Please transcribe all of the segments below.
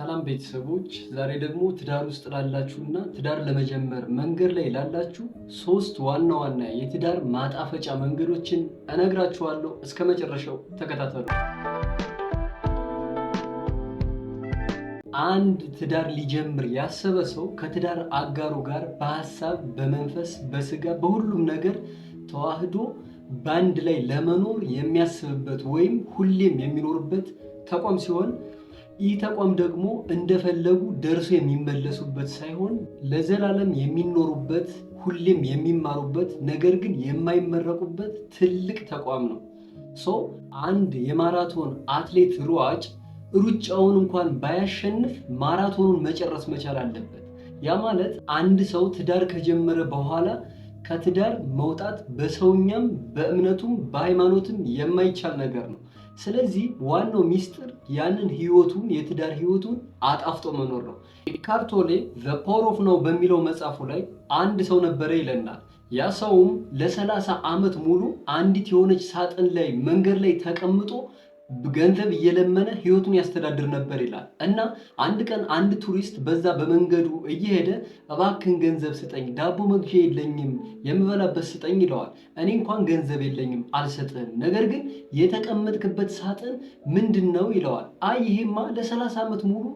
ሰላም ቤተሰቦች፣ ዛሬ ደግሞ ትዳር ውስጥ ላላችሁና ትዳር ለመጀመር መንገድ ላይ ላላችሁ ሶስት ዋና ዋና የትዳር ማጣፈጫ መንገዶችን እነግራችኋለሁ። እስከ መጨረሻው ተከታተሉ። አንድ ትዳር ሊጀምር ያሰበ ሰው ከትዳር አጋሩ ጋር በሀሳብ፣ በመንፈስ፣ በስጋ በሁሉም ነገር ተዋህዶ በአንድ ላይ ለመኖር የሚያስብበት ወይም ሁሌም የሚኖርበት ተቋም ሲሆን ይህ ተቋም ደግሞ እንደፈለጉ ደርሶ የሚመለሱበት ሳይሆን ለዘላለም የሚኖሩበት ሁሌም የሚማሩበት ነገር ግን የማይመረቁበት ትልቅ ተቋም ነው። ሰው አንድ የማራቶን አትሌት ሯጭ ሩጫውን እንኳን ባያሸንፍ ማራቶኑን መጨረስ መቻል አለበት። ያ ማለት አንድ ሰው ትዳር ከጀመረ በኋላ ከትዳር መውጣት በሰውኛም በእምነቱም በሃይማኖትም የማይቻል ነገር ነው። ስለዚህ ዋናው ሚስጥር ያንን ህይወቱን የትዳር ህይወቱን አጣፍጦ መኖር ነው። eckhart tolle the power of በሚለው መጽሐፉ ላይ አንድ ሰው ነበረ ይለናል። ያ ሰውም ለሰላሳ ዓመት ሙሉ አንዲት የሆነች ሳጥን ላይ መንገድ ላይ ተቀምጦ ገንዘብ እየለመነ ህይወቱን ያስተዳድር ነበር ይላል። እና አንድ ቀን አንድ ቱሪስት በዛ በመንገዱ እየሄደ እባክን ገንዘብ ስጠኝ፣ ዳቦ መግዣ የለኝም፣ የምበላበት ስጠኝ ይለዋል። እኔ እንኳን ገንዘብ የለኝም አልሰጥህም፣ ነገር ግን የተቀመጥክበት ሳጥን ምንድን ነው ይለዋል። አይ ይሄማ ለሰላሳ ዓመት ሙሉ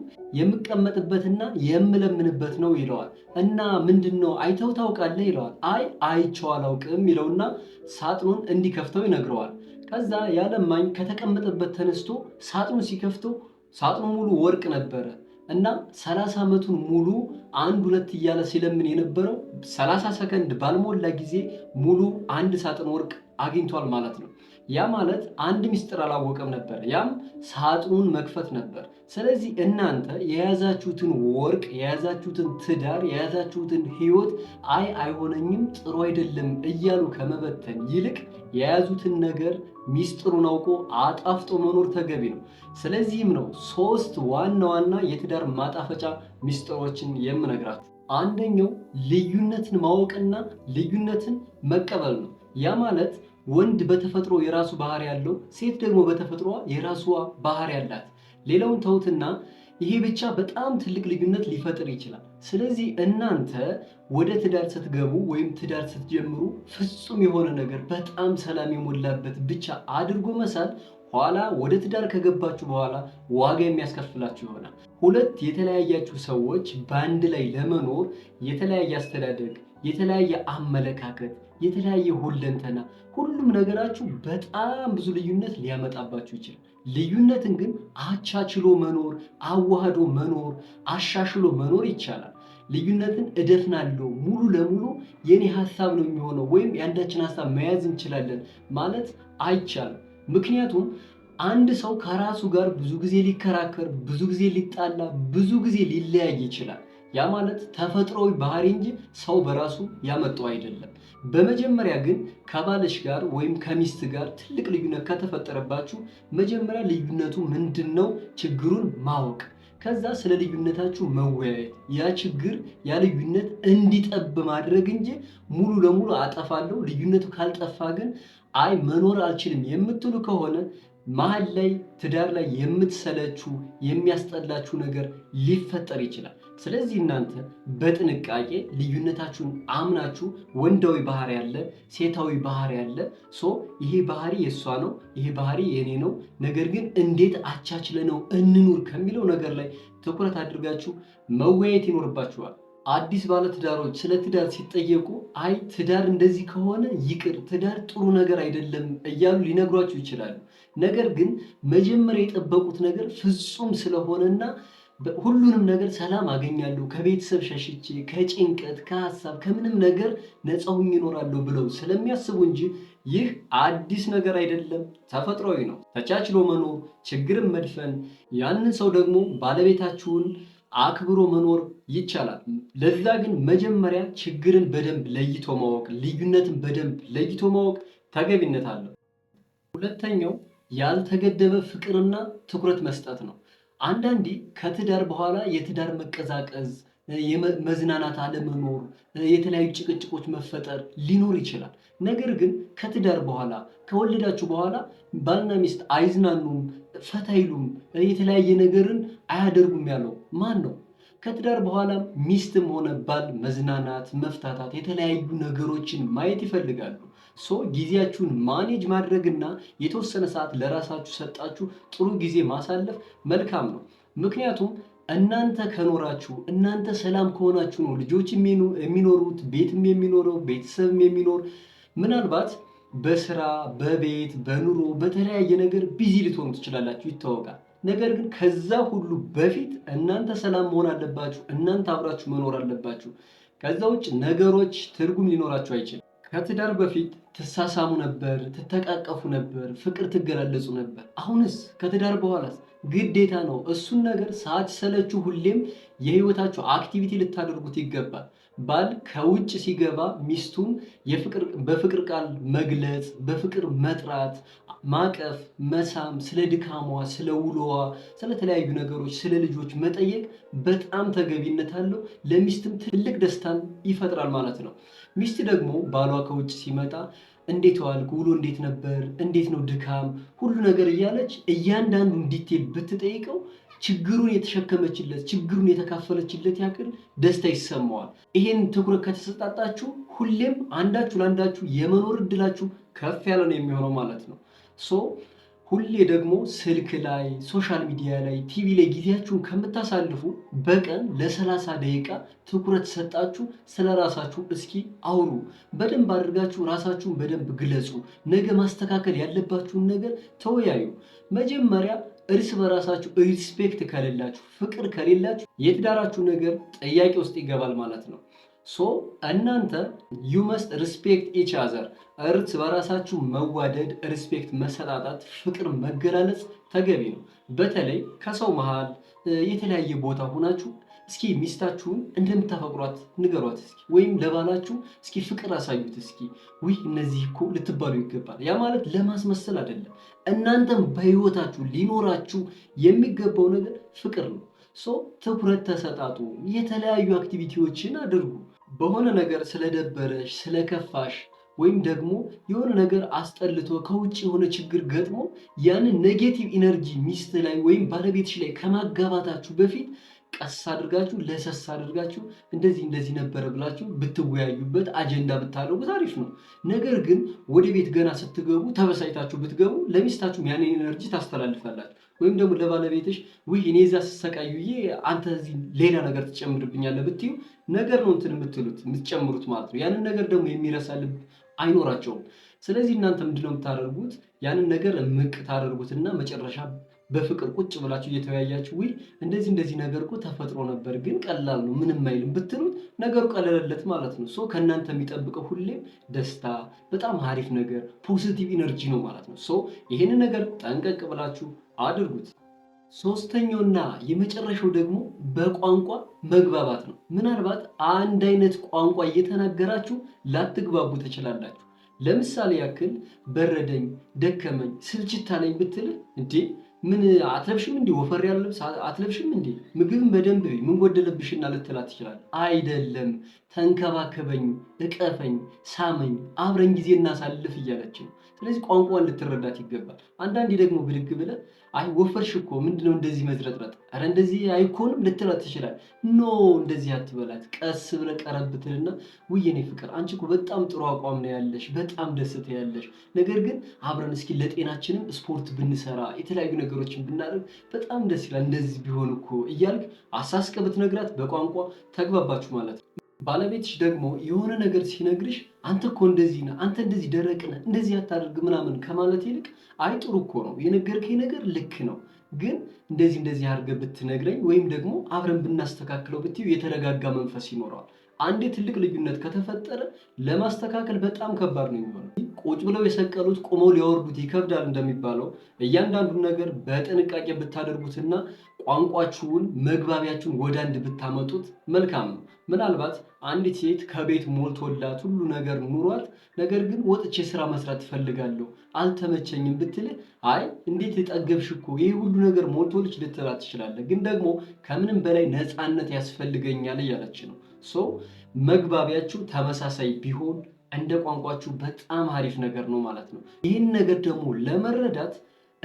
የምቀመጥበትና የምለምንበት ነው ይለዋል። እና ምንድን ነው አይተው ታውቃለህ ይለዋል። አይ አይቼው አላውቅም ይለውና ሳጥኑን እንዲከፍተው ይነግረዋል። ከዛ ያለማኝ ከተቀመጠበት ተነስቶ ሳጥኑ ሲከፍተው ሳጥኑ ሙሉ ወርቅ ነበረ እና ሰላሳ ዓመቱን ሙሉ አንድ ሁለት እያለ ሲለምን የነበረው ሰላሳ ሰከንድ ባልሞላ ጊዜ ሙሉ አንድ ሳጥን ወርቅ አግኝቷል ማለት ነው። ያ ማለት አንድ ሚስጥር አላወቀም ነበር። ያም ሳጥኑን መክፈት ነበር። ስለዚህ እናንተ የያዛችሁትን ወርቅ፣ የያዛችሁትን ትዳር፣ የያዛችሁትን ህይወት አይ አይሆነኝም፣ ጥሩ አይደለም እያሉ ከመበተን ይልቅ የያዙትን ነገር ሚስጥሩን አውቆ አጣፍጦ መኖር ተገቢ ነው። ስለዚህም ነው ሶስት ዋና ዋና የትዳር ማጣፈጫ ሚስጥሮችን የምነግራችሁ። አንደኛው ልዩነትን ማወቅና ልዩነትን መቀበል ነው። ያ ማለት ወንድ በተፈጥሮ የራሱ ባህሪ ያለው፣ ሴት ደግሞ በተፈጥሮ የራሷ ባህሪ ያላት። ሌላውን ተውትና ይሄ ብቻ በጣም ትልቅ ልዩነት ሊፈጥር ይችላል። ስለዚህ እናንተ ወደ ትዳር ስትገቡ ወይም ትዳር ስትጀምሩ ፍጹም የሆነ ነገር በጣም ሰላም የሞላበት ብቻ አድርጎ መሳል ኋላ ወደ ትዳር ከገባችሁ በኋላ ዋጋ የሚያስከፍላችሁ ይሆናል። ሁለት የተለያያችሁ ሰዎች በአንድ ላይ ለመኖር የተለያየ አስተዳደግ፣ የተለያየ አመለካከት የተለያየ ሁለንተና ሁሉም ነገራችሁ በጣም ብዙ ልዩነት ሊያመጣባችሁ ይችላል። ልዩነትን ግን አቻችሎ መኖር፣ አዋህዶ መኖር፣ አሻሽሎ መኖር ይቻላል። ልዩነትን እደፍናለሁ ሙሉ ለሙሉ የኔ ሀሳብ ነው የሚሆነው ወይም የአንዳችን ሀሳብ መያዝ እንችላለን ማለት አይቻልም። ምክንያቱም አንድ ሰው ከራሱ ጋር ብዙ ጊዜ ሊከራከር፣ ብዙ ጊዜ ሊጣላ፣ ብዙ ጊዜ ሊለያይ ይችላል። ያ ማለት ተፈጥሮዊ ባህሪ እንጂ ሰው በራሱ ያመጣው አይደለም። በመጀመሪያ ግን ከባለሽ ጋር ወይም ከሚስት ጋር ትልቅ ልዩነት ከተፈጠረባችሁ መጀመሪያ ልዩነቱ ምንድን ነው ችግሩን ማወቅ ከዛ ስለ ልዩነታችሁ መወያየት፣ ያ ችግር ያ ልዩነት እንዲጠብ ማድረግ እንጂ ሙሉ ለሙሉ አጠፋለሁ ልዩነቱ ካልጠፋ ግን አይ መኖር አልችልም የምትሉ ከሆነ መሀል ላይ ትዳር ላይ የምትሰለችው የሚያስጠላችሁ ነገር ሊፈጠር ይችላል። ስለዚህ እናንተ በጥንቃቄ ልዩነታችሁን አምናችሁ ወንዳዊ ባህሪ ያለ፣ ሴታዊ ባህሪ ያለ ሶ ይሄ ባህሪ የእሷ ነው፣ ይሄ ባህሪ የእኔ ነው፣ ነገር ግን እንዴት አቻችለ ነው እንኑር ከሚለው ነገር ላይ ትኩረት አድርጋችሁ መወያየት ይኖርባችኋል። አዲስ ባለትዳሮች ስለ ትዳር ሲጠየቁ አይ ትዳር እንደዚህ ከሆነ ይቅር፣ ትዳር ጥሩ ነገር አይደለም እያሉ ሊነግሯችሁ ይችላሉ። ነገር ግን መጀመሪያ የጠበቁት ነገር ፍጹም ስለሆነና ሁሉንም ነገር ሰላም አገኛለሁ፣ ከቤተሰብ ሸሽቼ፣ ከጭንቀት፣ ከሀሳብ፣ ከምንም ነገር ነፃ ሆኜ እኖራለሁ ብለው ስለሚያስቡ እንጂ ይህ አዲስ ነገር አይደለም፣ ተፈጥሯዊ ነው። ተቻችሎ መኖር፣ ችግርን መድፈን፣ ያንን ሰው ደግሞ ባለቤታችሁን አክብሮ መኖር ይቻላል። ለዛ ግን መጀመሪያ ችግርን በደንብ ለይቶ ማወቅ፣ ልዩነትን በደንብ ለይቶ ማወቅ ተገቢነት አለው። ሁለተኛው ያልተገደበ ፍቅርና ትኩረት መስጠት ነው። አንዳንዴ ከትዳር በኋላ የትዳር መቀዛቀዝ፣ የመዝናናት አለመኖር፣ የተለያዩ ጭቅጭቆች መፈጠር ሊኖር ይችላል። ነገር ግን ከትዳር በኋላ ከወለዳችሁ በኋላ ባልና ሚስት አይዝናኑም፣ ፈታይሉም የተለያየ ነገርን አያደርጉም ያለው ማን ነው? ከትዳር በኋላ ሚስትም ሆነ ባል መዝናናት፣ መፍታታት፣ የተለያዩ ነገሮችን ማየት ይፈልጋሉ። ሶ ጊዜያችሁን ማኔጅ ማድረግና የተወሰነ ሰዓት ለራሳችሁ ሰጣችሁ ጥሩ ጊዜ ማሳለፍ መልካም ነው። ምክንያቱም እናንተ ከኖራችሁ እናንተ ሰላም ከሆናችሁ ነው ልጆች የሚኖሩት፣ ቤትም የሚኖረው፣ ቤተሰብም የሚኖር ምናልባት በስራ በቤት በኑሮ በተለያየ ነገር ቢዚ ልትሆኑ ትችላላችሁ፣ ይታወቃል። ነገር ግን ከዛ ሁሉ በፊት እናንተ ሰላም መሆን አለባችሁ። እናንተ አብራችሁ መኖር አለባችሁ። ከዛ ውጭ ነገሮች ትርጉም ሊኖራችሁ አይችልም። ከትዳር በፊት ትሳሳሙ ነበር፣ ትተቃቀፉ ነበር፣ ፍቅር ትገላለጹ ነበር። አሁንስ ከትዳር በኋላስ ግዴታ ነው። እሱን ነገር ሳትሰለቹ ሁሌም የህይወታችሁ አክቲቪቲ ልታደርጉት ይገባል። ባል ከውጭ ሲገባ ሚስቱን በፍቅር ቃል መግለጽ፣ በፍቅር መጥራት፣ ማቀፍ፣ መሳም፣ ስለ ድካሟ፣ ስለ ውሎዋ፣ ስለተለያዩ ነገሮች፣ ስለ ልጆች መጠየቅ በጣም ተገቢነት አለው። ለሚስትም ትልቅ ደስታን ይፈጥራል ማለት ነው። ሚስት ደግሞ ባሏ ከውጭ ሲመጣ እንዴት ዋልክ፣ ውሎ እንዴት ነበር፣ እንዴት ነው ድካም፣ ሁሉ ነገር እያለች እያንዳንዱን ዲቴል ብትጠይቀው ችግሩን የተሸከመችለት ችግሩን የተካፈለችለት ያክል ደስታ ይሰማዋል። ይሄን ትኩረት ከተሰጣጣችሁ ሁሌም አንዳችሁ ለአንዳችሁ የመኖር እድላችሁ ከፍ ያለ ነው የሚሆነው ማለት ነው። ሶ ሁሌ ደግሞ ስልክ ላይ፣ ሶሻል ሚዲያ ላይ፣ ቲቪ ላይ ጊዜያችሁን ከምታሳልፉ በቀን ለሰላሳ ደቂቃ ትኩረት ሰጣችሁ ስለ ራሳችሁ እስኪ አውሩ። በደንብ አድርጋችሁ ራሳችሁን በደንብ ግለጹ። ነገ ማስተካከል ያለባችሁን ነገር ተወያዩ። መጀመሪያ እርስ በራሳችሁ ሪስፔክት ከሌላችሁ፣ ፍቅር ከሌላችሁ የትዳራችሁ ነገር ጥያቄ ውስጥ ይገባል ማለት ነው። ሶ እናንተ ዩ መስት ሪስፔክት ኢች አዘር እርስ በራሳችሁ መዋደድ፣ ሪስፔክት መሰጣጣት፣ ፍቅር መገላለጽ ተገቢ ነው። በተለይ ከሰው መሃል የተለያየ ቦታ ሆናችሁ እስኪ ሚስታችሁን እንደምታፈቅሯት ንገሯት እስኪ፣ ወይም ለባላችሁ እስኪ ፍቅር አሳዩት እስኪ። ውይ እነዚህ እኮ ልትባሉ ይገባል። ያ ማለት ለማስመሰል አይደለም፣ እናንተም በህይወታችሁ ሊኖራችሁ የሚገባው ነገር ፍቅር ነው። ሶ ትኩረት ተሰጣጡ፣ የተለያዩ አክቲቪቲዎችን አድርጉ። በሆነ ነገር ስለደበረሽ፣ ስለከፋሽ ወይም ደግሞ የሆነ ነገር አስጠልቶ ከውጭ የሆነ ችግር ገጥሞ ያንን ኔጌቲቭ ኢነርጂ ሚስት ላይ ወይም ባለቤትሽ ላይ ከማጋባታችሁ በፊት ቀስ አድርጋችሁ ለሰስ አድርጋችሁ እንደዚህ እንደዚህ ነበረ ብላችሁ ብትወያዩበት አጀንዳ ብታደርጉት አሪፍ ነው። ነገር ግን ወደ ቤት ገና ስትገቡ ተበሳጭታችሁ ብትገቡ ለሚስታችሁም ያንን ኤነርጂ ታስተላልፋላችሁ። ወይም ደግሞ ለባለቤትሽ ውይ እኔ እዛ አንተ እዚህ ሌላ ነገር ትጨምርብኛለህ ብትዩ ነገር ነው እንትን የምትሉት የምትጨምሩት ማለት ነው። ያንን ነገር ደግሞ የሚረሳ ልብ አይኖራቸውም። ስለዚህ እናንተ ምንድነው የምታደርጉት? ያንን ነገር ምቅ ታደርጉትና መጨረሻ በፍቅር ቁጭ ብላችሁ እየተወያያችሁ ውይ እንደዚህ እንደዚህ ነገር እኮ ተፈጥሮ ነበር፣ ግን ቀላል ነው ምንም አይልም ብትሉት ነገሩ ቀለለለት ማለት ነው። ሶ ከእናንተ የሚጠብቀው ሁሌም ደስታ፣ በጣም አሪፍ ነገር፣ ፖዚቲቭ ኢነርጂ ነው ማለት ነው። ሶ ይሄንን ነገር ጠንቀቅ ብላችሁ አድርጉት። ሶስተኛውና የመጨረሻው ደግሞ በቋንቋ መግባባት ነው። ምናልባት አንድ አይነት ቋንቋ እየተናገራችሁ ላትግባቡ ትችላላችሁ። ለምሳሌ ያክል በረደኝ፣ ደከመኝ፣ ስልችታ ነኝ ብትልህ እንዴ ምን አትለብሽም እንዲ ወፈር ያለ ልብስ አትለብሽም እንዲ ምግብን በደንብ ምን ጎደለብሽና ልትላት ትችላለህ። አይደለም ተንከባከበኝ፣ እቀፈኝ፣ ሳመኝ፣ አብረን ጊዜ እናሳልፍ እያለች ነው። ስለዚህ ቋንቋን ልትረዳት ይገባል። አንዳንዴ ደግሞ ብድግ ብለ አይ ወፈርሽ እኮ ምንድነው እንደዚህ መዝረጥረጥ፣ ኧረ እንደዚህ አይኮንም ልትላት ትችላል። ኖ እንደዚህ አትበላት። ቀስ ብለ ቀረብትልና ውይ ፍቅር አንቺ እኮ በጣም ጥሩ አቋም ነው ያለሽ፣ በጣም ደስተ ያለሽ። ነገር ግን አብረን እስኪ ለጤናችንም ስፖርት ብንሰራ የተለያዩ ነገሮችን ብናደርግ በጣም ደስ ይላል፣ እንደዚህ ቢሆን እኮ እያልክ አሳስቀ ብትነግራት በቋንቋ ተግባባችሁ ማለት ነው። ባለቤትሽ ደግሞ የሆነ ነገር ሲነግርሽ አንተ እኮ እንደዚህ ነህ፣ አንተ እንደዚህ ደረቅ ነህ፣ እንደዚህ አታደርግ ምናምን ከማለት ይልቅ አይ ጥሩ እኮ ነው የነገርከኝ ነገር ልክ ነው፣ ግን እንደዚህ እንደዚህ አድርገህ ብትነግረኝ ወይም ደግሞ አብረን ብናስተካክለው ብትይው የተረጋጋ መንፈስ ይኖረዋል። አንዴ ትልቅ ልዩነት ከተፈጠረ ለማስተካከል በጣም ከባድ ነው የሚሆነው። ቁጭ ብለው የሰቀሉት ቆመው ሊያወርዱት ይከብዳል እንደሚባለው እያንዳንዱን ነገር በጥንቃቄ ብታደርጉትና ቋንቋችሁን መግባቢያችሁን ወደ አንድ ብታመጡት መልካም ነው። ምናልባት አንዲት ሴት ከቤት ሞልቶላት ሁሉ ነገር ኑሯት፣ ነገር ግን ወጥቼ ስራ መስራት ትፈልጋለሁ አልተመቸኝም ብትል አይ እንዴት የጠገብሽ እኮ ይህ ሁሉ ነገር ሞልቶልች ልትላት ትችላለህ፣ ግን ደግሞ ከምንም በላይ ነፃነት ያስፈልገኛል እያለች ነው ሶ መግባቢያችሁ ተመሳሳይ ቢሆን እንደ ቋንቋችሁ በጣም አሪፍ ነገር ነው ማለት ነው። ይህን ነገር ደግሞ ለመረዳት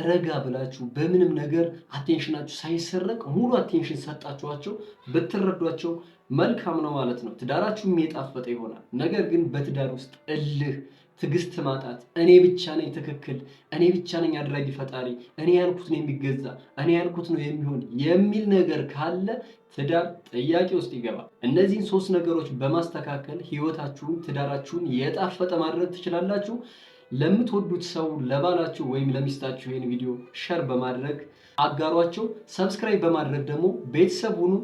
ረጋ ብላችሁ በምንም ነገር አቴንሽናችሁ ሳይሰረቅ ሙሉ አቴንሽን ሰጣችኋቸው ብትረዷቸው መልካም ነው ማለት ነው። ትዳራችሁ የሚጣፈጠ ይሆናል። ነገር ግን በትዳር ውስጥ እልህ ትዕግስት ማጣት፣ እኔ ብቻ ነኝ ትክክል፣ እኔ ብቻ ነኝ አድራጊ ፈጣሪ፣ እኔ ያልኩት ነው የሚገዛ፣ እኔ ያልኩት ነው የሚሆን የሚል ነገር ካለ ትዳር ጥያቄ ውስጥ ይገባል። እነዚህን ሶስት ነገሮች በማስተካከል ህይወታችሁን፣ ትዳራችሁን የጣፈጠ ማድረግ ትችላላችሁ። ለምትወዱት ሰው ለባላችሁ ወይም ለሚስታችሁ ይህን ቪዲዮ ሸር በማድረግ አጋሯቸው። ሰብስክራይብ በማድረግ ደግሞ ቤተሰብ ሁኑ።